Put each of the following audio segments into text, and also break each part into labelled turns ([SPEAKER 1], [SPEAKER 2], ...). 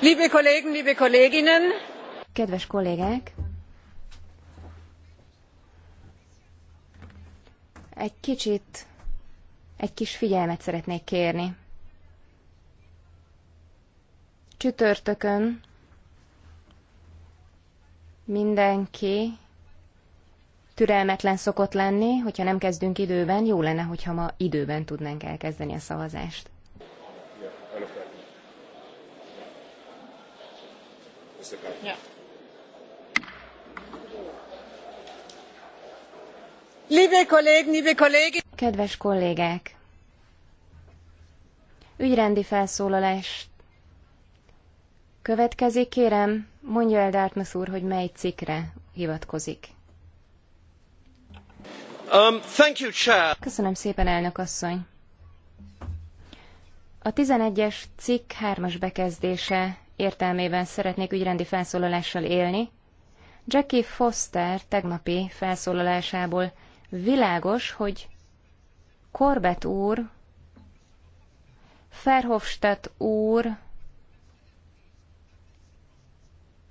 [SPEAKER 1] Liebe Kollegen, liebe Kolleginnen! Kedves kollégák! Egy kicsit, egy kis figyelmet szeretnék kérni. Csütörtökön mindenki türelmetlen szokott lenni, hogyha nem kezdünk időben, jó lenne, hogyha ma időben tudnánk elkezdeni a szavazást. Kedves kollégák! Ügyrendi felszólalás következik. Kérem, mondja el Dartmouth úr, hogy mely cikkre hivatkozik. Um, thank you, chair. Köszönöm szépen, elnök asszony. A 11-es cikk 3-as bekezdése értelmében szeretnék ügyrendi felszólalással élni. Jackie Foster tegnapi felszólalásából világos, hogy Corbett úr, Ferhofstadt úr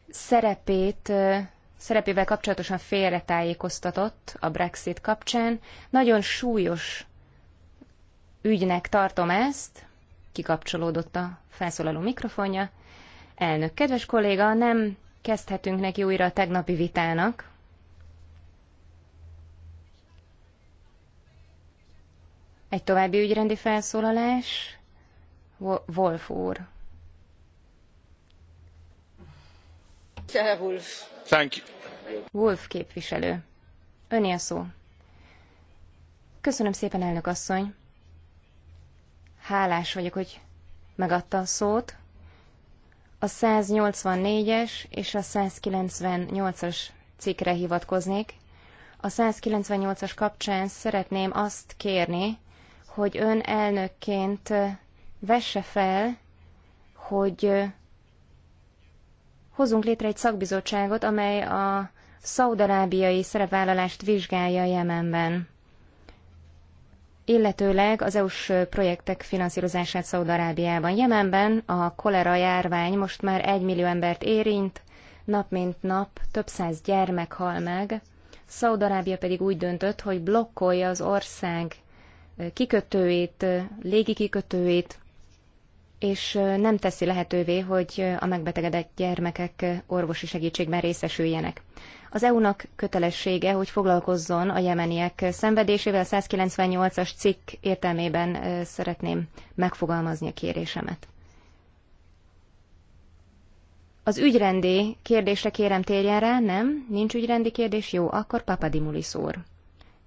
[SPEAKER 1] szerepét szerepével kapcsolatosan félretájékoztatott a Brexit kapcsán. Nagyon súlyos ügynek tartom ezt, kikapcsolódott a felszólaló mikrofonja. Elnök, kedves kolléga, nem kezdhetünk neki újra a tegnapi vitának. Egy további ügyrendi felszólalás. Wolf úr. Wolf. Thank you. Wolf képviselő. Öné a szó. Köszönöm szépen, elnök asszony. Hálás vagyok, hogy megadta a szót a 184-es és a 198-as cikkre hivatkoznék. A 198-as kapcsán szeretném azt kérni, hogy ön elnökként vesse fel, hogy hozunk létre egy szakbizottságot, amely a szaudarábiai szerepvállalást vizsgálja Jemenben illetőleg az EU-s projektek finanszírozását Szaudarábiában. Jemenben a kolera járvány most már egy millió embert érint, nap mint nap több száz gyermek hal meg. Szaudarábia pedig úgy döntött, hogy blokkolja az ország kikötőit, légikikötőit, és nem teszi lehetővé, hogy a megbetegedett gyermekek orvosi segítségben részesüljenek. Az EU-nak kötelessége, hogy foglalkozzon a jemeniek szenvedésével, 198-as cikk értelmében szeretném megfogalmazni a kérésemet. Az ügyrendi kérdésre kérem térjen rá, nem? Nincs ügyrendi kérdés? Jó, akkor Papadimulis úr.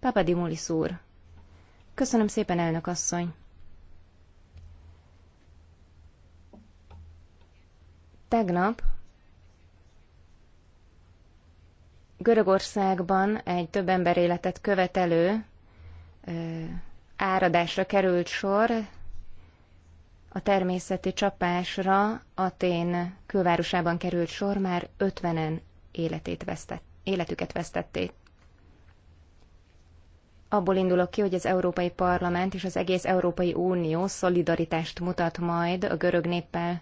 [SPEAKER 1] Papadimulis úr. Köszönöm szépen, elnök asszony. Tegnap Görögországban egy több ember életet követelő áradásra került sor, a természeti csapásra Atén külvárosában került sor, már 50-en életét vesztett, életüket vesztették. Abból indulok ki, hogy az Európai Parlament és az egész Európai Unió szolidaritást mutat majd a görög néppel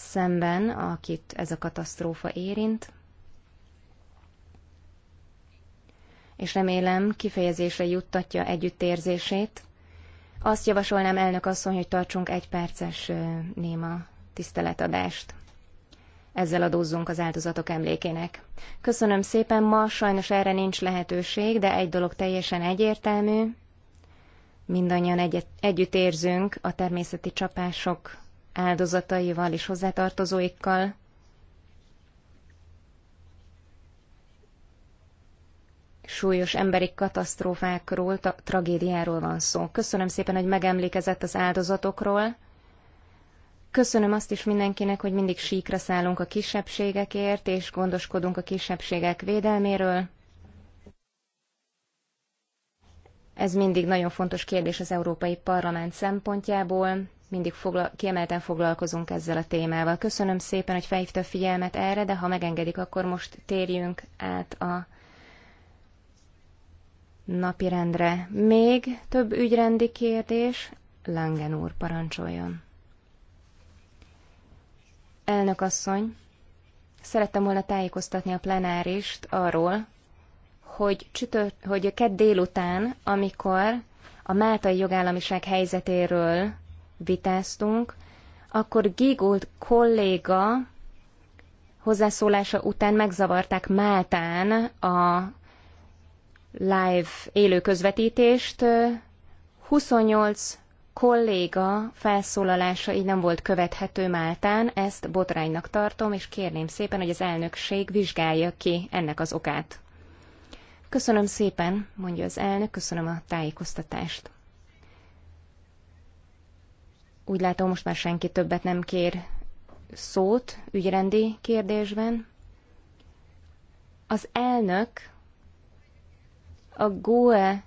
[SPEAKER 1] szemben, akit ez a katasztrófa érint. És remélem kifejezésre juttatja együttérzését. Azt javasolnám elnök asszony, hogy tartsunk egy perces néma tiszteletadást. Ezzel adózzunk az áldozatok emlékének. Köszönöm szépen, ma sajnos erre nincs lehetőség, de egy dolog teljesen egyértelmű. Mindannyian egyet, együtt érzünk a természeti csapások áldozataival és hozzátartozóikkal. Súlyos emberi katasztrófákról, ta- tragédiáról van szó. Köszönöm szépen, hogy megemlékezett az áldozatokról. Köszönöm azt is mindenkinek, hogy mindig síkra szállunk a kisebbségekért, és gondoskodunk a kisebbségek védelméről. Ez mindig nagyon fontos kérdés az Európai Parlament szempontjából mindig fogla- kiemelten foglalkozunk ezzel a témával. Köszönöm szépen, hogy felhívta a figyelmet erre, de ha megengedik, akkor most térjünk át a napirendre. Még több ügyrendi kérdés, Langen úr parancsoljon. Elnök asszony, szerettem volna tájékoztatni a plenárist arról, hogy, csütör, hogy kedd délután, amikor a Máltai jogállamiság helyzetéről vitáztunk, akkor Gigold kolléga hozzászólása után megzavarták Máltán a live élő közvetítést. 28 kolléga felszólalása így nem volt követhető Máltán, ezt botránynak tartom, és kérném szépen, hogy az elnökség vizsgálja ki ennek az okát. Köszönöm szépen, mondja az elnök, köszönöm a tájékoztatást. Úgy látom, most már senki többet nem kér szót ügyrendi kérdésben. Az elnök a GUE,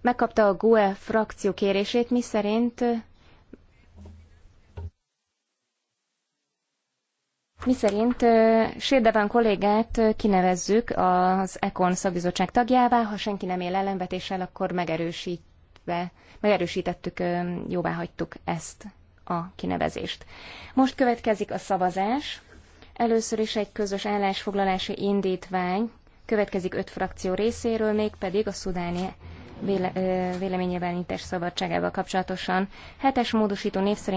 [SPEAKER 1] megkapta a GUE frakció kérését, miszerint Miszerint Sérdeván kollégát kinevezzük az ECON szakbizottság tagjává, ha senki nem él ellenvetéssel, akkor megerősítve, megerősítettük, jóvá hagytuk ezt a kinevezést. Most következik a szavazás. Először is egy közös állásfoglalási indítvány következik öt frakció részéről, mégpedig a szudáni véle, véleménynyilvánítás szabadságával kapcsolatosan. Hetes módosító név szerint